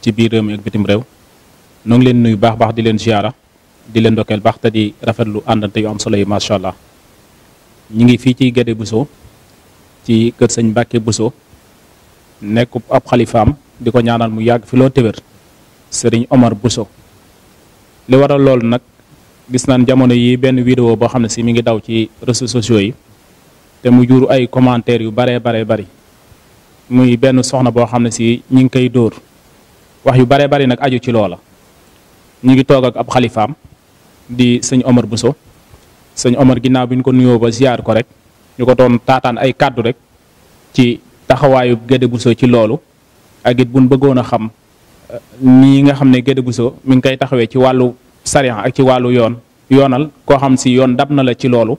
ci biir réew mi ak bitim réew noo ngi leen nuyu baax baax di leen ziara di leen dokkeel baax te di rafetlu àndante yu am solo yi macha allah ñu ngi fii ci Guédé Bousso ci kër sëñ Mbàkke Bousso nekk ab xalifaam di ko ñaanal mu yàgg fi loo téwér sëriñ Omar Bousso li waral loolu nag gis naan jamono yi benn vidéo boo xam ne si mi ngi daw ci réseaux sociaux yi te mu jur ay commentaires yu baree baree bari muy benn soxna boo xam ne si ñi ngi koy dóor wax yu baree bari nag aju ci loola ñu ngi toog ak ab xalifaam di sëñ Omar Bousso sëñ Omar ginnaaw bi ñu ko nuyoo ba ziar ko rek ñu ko doon taataan ay kàddu rek ci taxawaayu Guédé Bousso ci loolu ak it buñ bëggoon a xam eh, nii nga xam ne Guédé Bousso mi ngi koy taxawee ci wàllu sariyan ak ci wàllu yoon yoonal koo xam si yoon dab na la ci loolu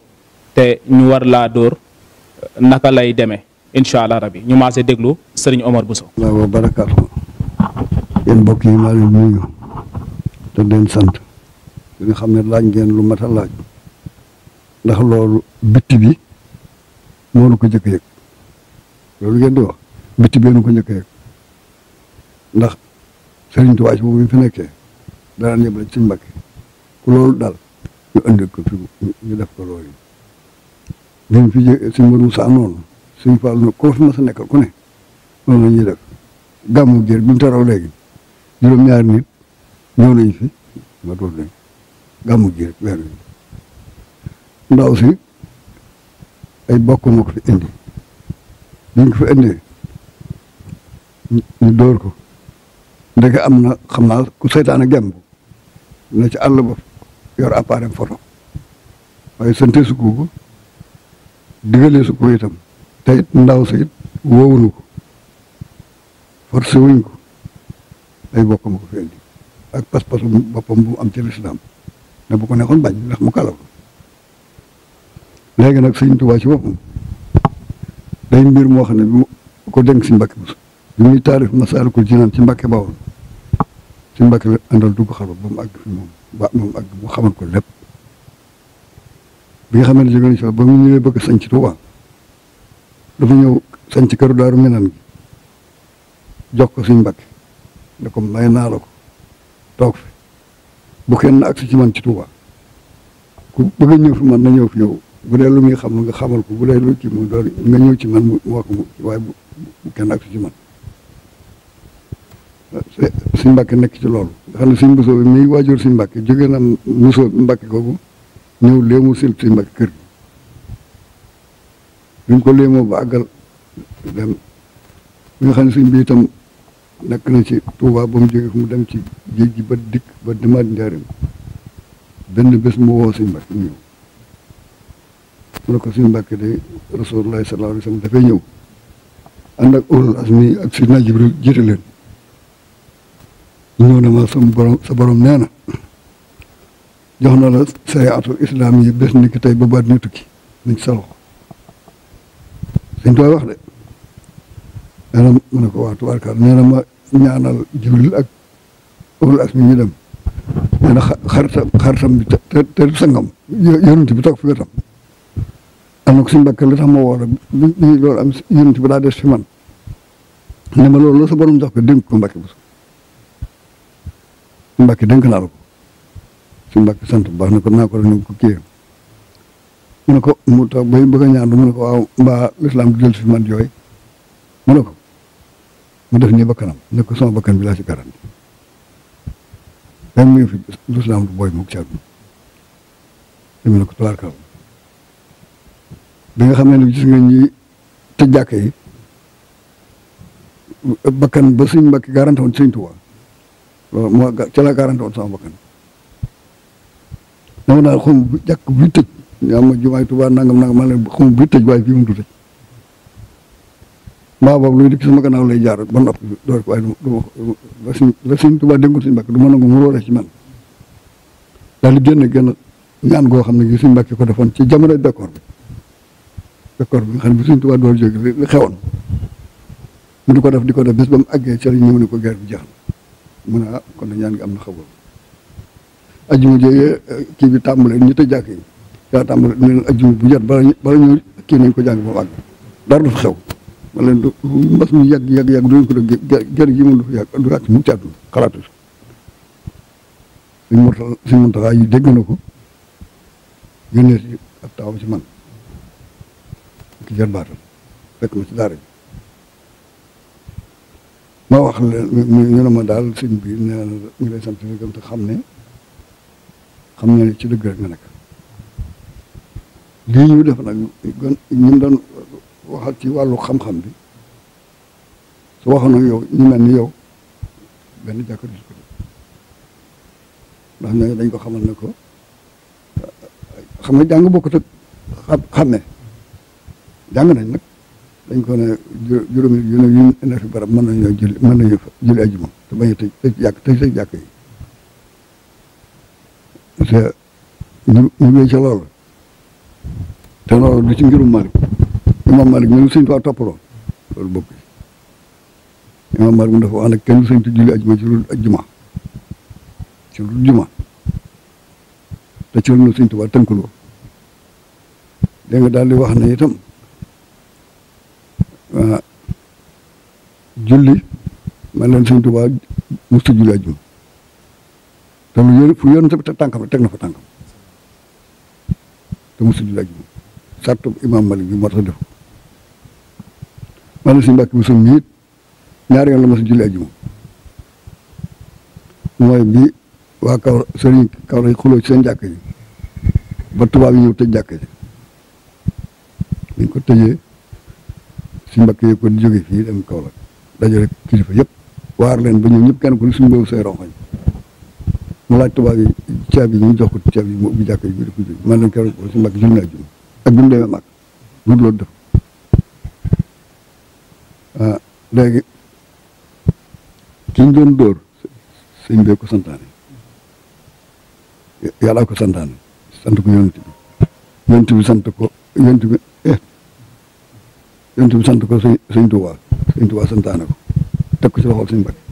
te ñu war laa dóor eh, naka lay demee incha allah rabi ñu maasee déglu sëriñ Omar Bousso. waaw yéen mbokk yi maa leen nuyu te leen sant di nga xam ne laaj ngeen lu mat a laaj ndax loolu bitti bi moo nu ko njëkk yëg loolu ngeen di wax bitti bee ko njëkk yëg ndax Sëriñ Tuubaa ci moom bi fi nekkee danaan yëpp la ci Mbàkke ku loolu daal ñu indi ko fi ñu def ko loolu yi ñu fi jë suñ mbaru saa noonu na koo fi mas a nekkal ku loolu la ñuy def gàmmu géer bi mu teraw léegi juróom-ñaari nit ñëw nañ fi ma tuut nañ gàmmu ji rek weer wi ndaw si ay bokk moo ko fi indi ñu ko fi indee ñu dóor ko ndeke am na xam naa ku seytaane gemb na ci àll ba yor appareil photo waaye sante su ko digalee su ko itam te it ndaw si it woowuñu ko forcé wuñ ko ay bokkam ko fi indi ak pas-pasu boppam bu am ci lislaam ne bu ko nekkoon bañ ndax mu kalaw léegi nag sëñ ci boppam day mbir moo xam ne bi ko dénk si Mbàkke Bousso bi taarif Masaalikul Jinaan ci Mbàkke Bawol ci Mbàkke la àndal dugg xarba ba mu àgg mu xamal ko lépp bi nga xam ne jóge na ci ba mu ñëwee bëgg a sanc Tuubaa dafa ñëw sanc këru daaru Minaan gi jox ko suñ Mbàkke ne ko may naa toog fi bu kenn ak ci man ci Touba ku bëgg a fi man na ñëw fi ñëw bu dee lu muy xam nga xamal ko bu dee lu ci mu doon nga ñëw ci man mu wax ko bu kenn agsi ci man ah, suñ mbàkke nekk ci loolu nga xam ne suñ mbusoo bi muy waajur suñ mbàkke jógee na mbusoo mbàkke kooku ñëw léemu sil suñ mbàkke kër gi ko léemoo ba àggal dem bi nga xam ne nekk na ci Touba ba mu jógee mu dem ci géej gi ba dikk ba demaat njaarim benn bés mu woo suñu mbàkk mu ñëw mu ne ko suñu mbàkk de rasulullah sallallahu alayhi wa sallam dafay ñëw ànd ak ulul azmi ak sidna jibril jiite leen na ma sa borom sa borom nee na jox na la sayaatul islam yi bés ni ki tey ba baat ñu tukki nañ sa loxo wax de nee na mu ne ko waa tubaarkaal nee na ñaanal jibril ak wala ak ñu ñu dem nee bi te te sangam yonent bi toog fi wetam am na ko suñu mbàkk li tax ma woo la bi loolu am yonent bi daa des fi man ne ma lool sa borom jox ko dénk ko mbàkk bi su mbàkk dénk naa la ko su mbàkk sant bu baax ne ko naa ko def ko kii mu ne ko mu tax bay bëgg a ñaan mu ne ko waaw mbaa lislaam di jël fi man yooyu mu ne ko mu def nii bakkanam ne ko sama bakkan bi laa si garanti benn mu ngi fi lislaam du booy mukk ci àdduna dama ne ko tubaarkaal bi nga xam ne ne gis nga ñi tëj jàkk yi bakkan ba suñ mbakki garanti woon sëñ Tuubaa loolu moo ca la garanti woon sama bakkan dama daal xaw ma bu jàkk buy tëj yaa ma nangam nangam maa leen xaw waaye fii mu du maa boobu luy dikk sama gannaaw lay jaar ba noppi door ko waaye du ma du ma la suñ tubaab du ma nangu mu roore ci man daal di génn ñaan goo xam ne gi suñu mbàkk ko defoon ci jamono d'accord bi d'accord bi nga xam ne bi suñ tubaab door jóge li xewoon mu di ko def di ko def bés ba mu àggee ci lañ ñëw ne ko guerre bi jeex mu ne ah kon ñaan gi am na xaboon ajuma jooyee eh, kii bi tàmbalee ñu te jàkk yi yaa tàmbalee ne leen ajuma bu jot bala ñu bala ñu ko jàng ba mu àgg dara wala du mbas mi yàgg yàgg yàgg duñ ko def gerte gi moom dafa yàgg du wàcc mu caatu xalaatu si suñ mottal suñ mottalaay yi dégg na ko yónnee si ab taawam man ki jar baatal fekk ma ci daara ji ma wax leen ñu ne ma daal sëñ bi nee na ñu lay sant di gëm xam ne xam ne ci dëgg rek nga nekk lii ñu def nag ñu doon waxal ci wàllu xam-xam bi su waxoon yow ñu mel ni yow benn jàkka du ko ndax ñooñu dañ ko xamal ne ko xam nga jàng bokkut ak xam xàmme jàng nañ nag dañ ko ne juróomi yu ne yu ne fi barab mën nañoo julli mën nañu ajuma te bañ a tëj tëj jàkk tëj jàkk yi te ñu ñu wéy ca loolu te loolu ci ngirum imaam Malik mi ngi suñ faa toppaloon loolu bokk ci imaam Malik mu dafa wax nag kenn suñ ci julli ajuma ci juma te ci loolu suñ Tuubaa tënkuloo dégg nga daal di wax ne itam ah, julli man leen suñ Tuubaa musta julli ajuma te lu yële fu yële te tànkam teg na fa tànkam te musta julli ajuma sartu imaam Malik bi moo tax maanaam suñu mbàkk bu ñaari yoon la mos a julli ajjuma mooy bi waa kaw sëriñ kaw lañ xuloo ci seen jàkk ji ba tubaab yi ñëw tëj jàkk ji dañ ko tëjee suñu mbàkk yi ko jóge fii dem kaw la dajale kilifa yëpp waar leen ba ñoom ñëpp kenn ku ne suñu boobu say rongoñ mu laaj tubaab yi caabi yi ñu jox ko caabi yi mu ubbi jàkk ji bi di ko jóg man lañ keroog suñu mbàkk julli naa ajjuma ak bi mu demee mag def ah léegi ki doon dóor sëñ bee ko santaane yàllaa ko santaane sant ko yonent bi yonent bi sant ko eh, yonent bi sant ko sëñ sëñ Tuubaa sëñ Tuubaa santaane ko teg ko ci loxol sëñ Mbàkke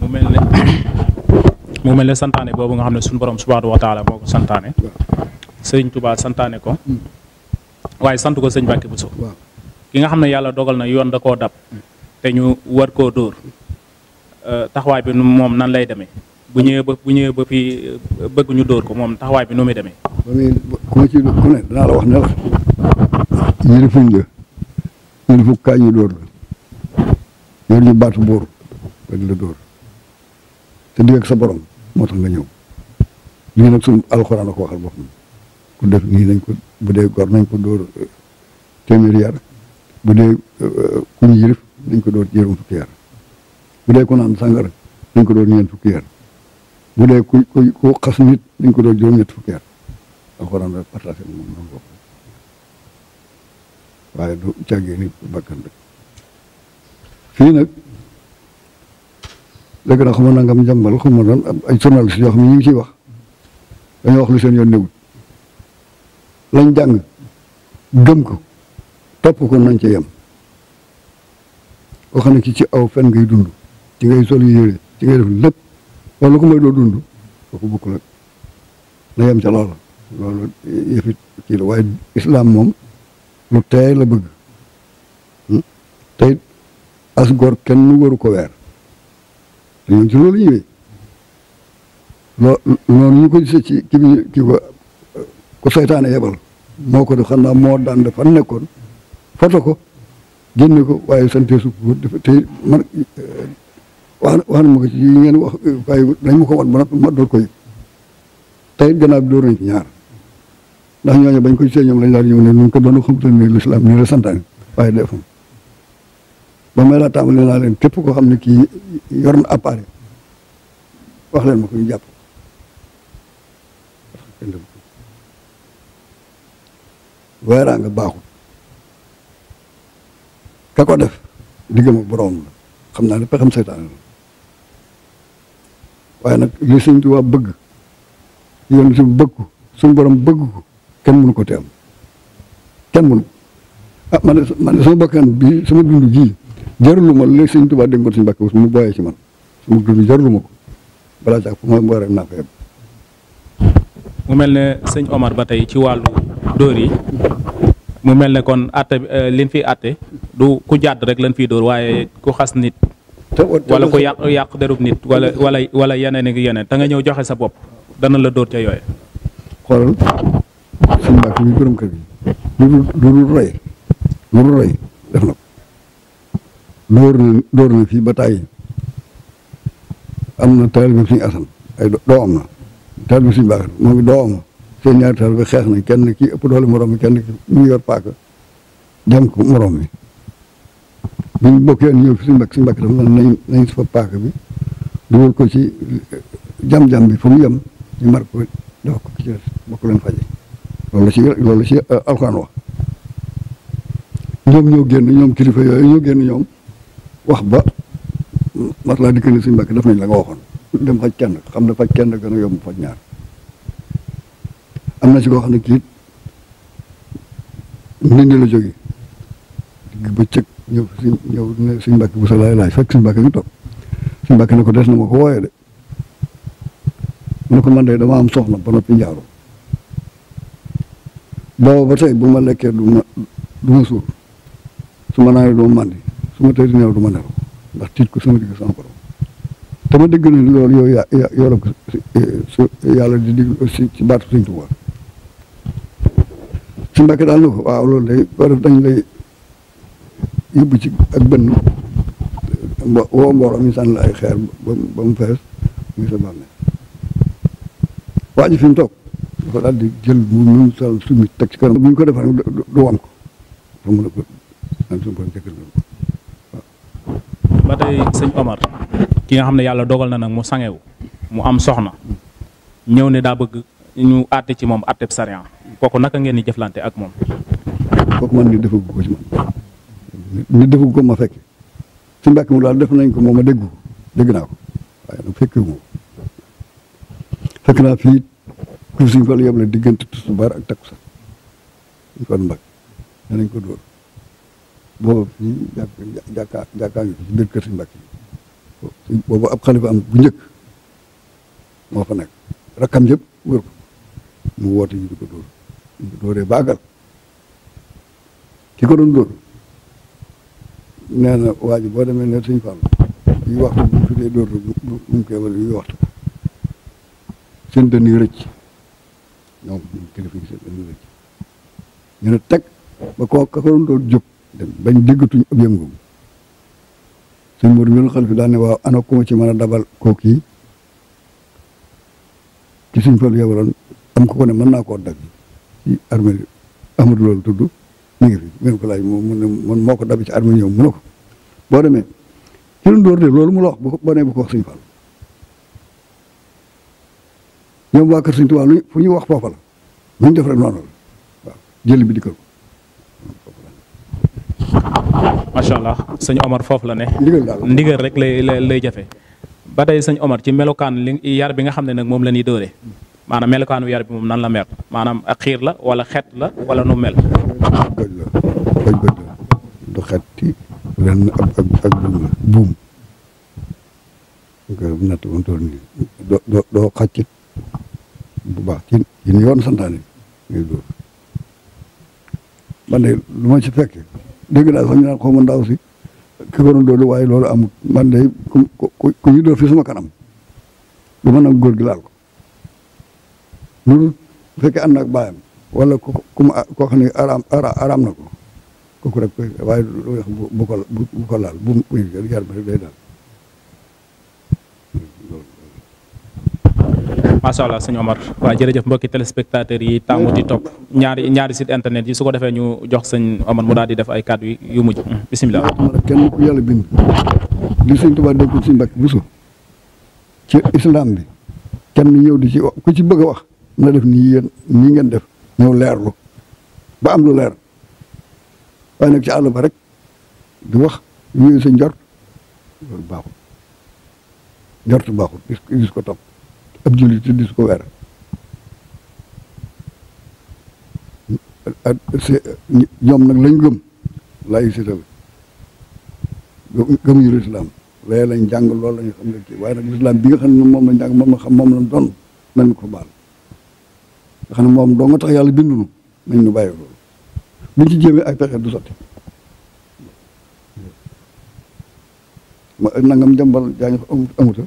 mu mel ne mu mel ne santaane boobu nga xam ne suñu borom subhaanahu wa taala ko santaane sëñ Tuubaa santaane ko hmm. waaye sant ko sëñ Mbàkke Buso ki nga xam ne yàlla dogal na yoon da koo dab te ñu war koo dóor euh, taxawaay bi moom nan lay demee bu ñëwee ba bu ñëwee ba fii euh, bëgg dóor ko moom taxawaay bi nu muy demee. ba ku ci ne danaa la wax ne la yëlifuñ la yëlifu kaay ñu dóor la yor ñu baatu bóor te digg sa borom moo tax nga ñëw la ko waxal ku def nii nañ ko bu dee gor nañ ko dóor euh, téeméeri yar bu dee ku euh, ñu euh, yilif dañ ko door juróom fukki yar bu dee ku naan sàngara dañ ko door ñeent fukki yar bu dee ku ku ku nit dañ ko door juróom-ñett fukki yar alxuraan la partagé moom waaye du càggee nit bakkan rek fii nag léegi nag xuma nangam jàmbal xuma doon ay journaliste yoo xam ne ñu ngi ciy wax dañoo wax lu seen yoon newut lañ jàng gëm ko topp ko nañ ca yem koo xam ne ki ci aw fen ngay dund ci ngay sol yére ci ngay def lépp wala ko mooy doo dund kooku bokk nag na yem ca loola loolu yëfit kii la waaye islam moom lu teey la bëgg hmm? tey as gor kenn nu waru ko weer te ñoom ci loolu ñëwee loo ko gisee ci ki ki ko ko seytaane yebal moo daan dafa nekkoon foto ko génne ko waaye sante su ko dafa tey man eh, wax wax na ma ci yi ngeen wax eh, waaye dañ ma ko wan ma ma door ko yëg tey gannaaw bi door nañ ci ñaar ndax ñooñu bañ ko gisee ñoom lañ daal ñëw ne ñu ko doon xamutal ne lislaam nii la santaane waaye defam ba may laa tàmbali naa leen képp koo xam ne kii yor na appareil wax leen ma ko ñu jàpp weeraanga ka ko def diggam ak boroom xam naa ne pexam seytaane la waaye nag li Sëñ Tuubaa bëgg yoon si bëgg ko suñu borom bëgg ko kenn mënu ko am kenn mënu ah man de man de sama bakkan bii sama dund ji jarul ma li Sëñ Tuubaa déggoon suñu bakkan mu booyee ci man sama dund jarul ma ko balaa jàpp fu ma war naa ko yem mu mel ne sëñ Omar ba tey ci wàllu dóor yi mu mel ne kon àtte eh, liñ fi àtte du ku jàdd rek lañ fiy dóor waaye ku xas nit wala ku yàq yàq derub nit wala wala wala yeneen ak yeneen te nga ñëw joxe sa bopp dana la dóor ca yooye xoolal suñu mbàkk mi borom fii ba tàyyi am na taal bi suñu ay doo am na taal bi suñu baax moo ngi doo am seen ñaari taal bi xeex nañ kenn kii ëpp doole morom mi kenn ki mu yor paaka dem ko morom mi buñ bokkee ñëw fi suñu mbokk suñu mbokk dafa naan nañ nañ fa paaka bi dugal ko ci eh, jam-jam bi fa yem ñu mar ko dafa ko bokk leen faje loolu ci loolu la eh, ñoom ñoo génn ñoom kilifa yooyu ñoo génn ñoom wax ba matlaa di ne suñu mbokk daf la nga waxoon dem faj kenn xam ne faj kenn gën a yomb faj ñaar am na ci koo xam ne kiit nit ñi la jógee bëccëg ñëw suñ ñëw ne suñ mbàkk bu sa laay laaj fekk suñ mbàkk ngi toog suñ ko des na ma ko de mu ne ko man de dama am soxna ba noppi njaaru booba bu ma lekkee du ma du ma suur su ma naanee du ma màndi su ma tëj di neew ma nelaw ndax tiit ko sama te ma dégg ne loolu yow yaa yoroo yàlla di digg aussi ci baatu Sëñ Tuubaa suñ daal na ko waaw loolu day dañ lay yóbbu ci ak bënn mbo woo mbooloo mi sànni ay xeer ba mu fees muy sa bàmmeel waa ji fi mu toog dafa daal di jël mu mu sal summi teg ci kanam bu ñu ko defar na ko waaw ba tey sëñ Omar ki nga xam ne yàlla dogal na nag mu sangewu mu am soxna ñëw ne daa bëgg ñu àtte ci moom àtteb sariya kooku naka ngeen di jëflante ak moom kooku man ni defagu ko ci moom ni defu ko ma fekk ci mbàkk mu daal def nañ ko moom ma déggu dégg naa ko waaye nag fekk moom fekk naa fii ku suñ ko yóbbu la ak takkusaan suñ ko mbàkk ko dóor boobu fii jàkka jàkkaa ñu ci biir kër suñ boobu ab xalifa am bu njëkk moo fa nekk rakkam yëpp wër ko mu woote ñu ko dóor ñu ko dóoree baagal ki ko doon nee na waa boo demee ne sëñ Fallu yu waxtu bu dee dóor bu mu koy wala kilifa yi seen dënn yu rëcc ñu ne ba koo ka ko doon dem bañ déggatuñ ab yëngu sëñ Mor mi xal fi daan ne ana ku ma ci mën a dabal kooku yi ci sëñ Fallu am ko ko mën naa koo dagg ci armée Amadou loolu tudd mi ngi fi mu ne ko boo demee ci loolu mu bu boo nee bu ko wax suñu fàll wax foofa la def rek noonu allah sëñ Omar foofu la ne. ndigal daal ndigal rek lay lay jafe. ba tey sëñ Omar ci melokaan li yar bi nga xam ne nag moom la ñuy dóore maanaam melokaanu yar bi moom nan la mel maanaam xiir la wala xet la wala nu mel. gëj la bañ bëj la du xetti lenn ak doo doo bu baax ci ci yoon santaane ngay man lu ma ci fekk dégg naa sax ñu naan xaw ma si ki ko waaye loolu amut man de ku ku ku ñu dóor fi sama kanam du ma nag góor gi laal ko loolu bu fekkee ànd ak baayam wala ko ku mu koo xam ne araam na ko kooku rek waaye lu bu ko bu ko laal bu bu yar ba rek day daal. macha allah sëñ Omar waaw jërëjëf mbokki téléspectateurs yi tàmmu di topp ñaari ñaari site internet yi su ko defee ñu jox sëñ Omar mu daal di def ay kàddu yu mujj bisimilah. kenn ku yàlla bind li sëñ Tuubaa dénkoon sëñ Mbàkke Buso ci islam bi kenn ñëw di ci ku ci bëgg a wax na def nii yéen nii ngeen def. ñëw leerlu ba am lu leer waaye nag ci àll ba rek di wax yooyu sa njort loolu baaxul njort baaxul gis ko topp ab jullit di su ko weer ñoom nag lañ gëm laay sitawi gëmuñu lislaam laye lañ jàng loolu lañu xam ne kii waaye nag lislaam bi nga xam ne moom lañ jàng moom la xam moom lañ doon nañ ko baal nga xam moom doo nga tax yàlla binduñu nañ ñu bàyyi loolu buñ ci jéemee ay pexe du sotti ma nangam jàmbal jaañu amuta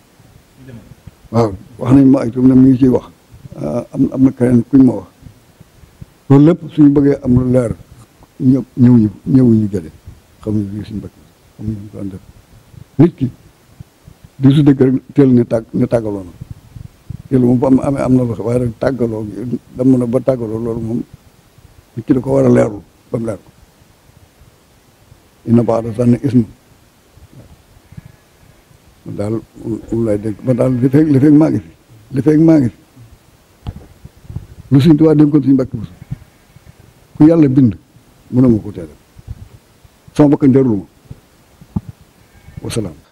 waaw wax nañ ma ay tuum na mi ngi ciy wax ah, am am na keneen kuñ ma wax loolu lépp suñu bëggee am lu leer ñëw ñëw ñu ñëw ñu jële xamuñu lii nit ki di su dëgg rek teel ne tàgg loolu moom bu am amee am na loo xam waaye nag tàggaloo dem na ba tàggaloo loolu moom nit ki da ko war a leerul ba mu leer daal moom lay dégg ba daal li fekk maa ngi fi maa ngi fi lu suñ tubaab dénkoon suñu mbàkk bu ku yàlla bind mënuma ko teel sama bakkan jarul ma wasalaam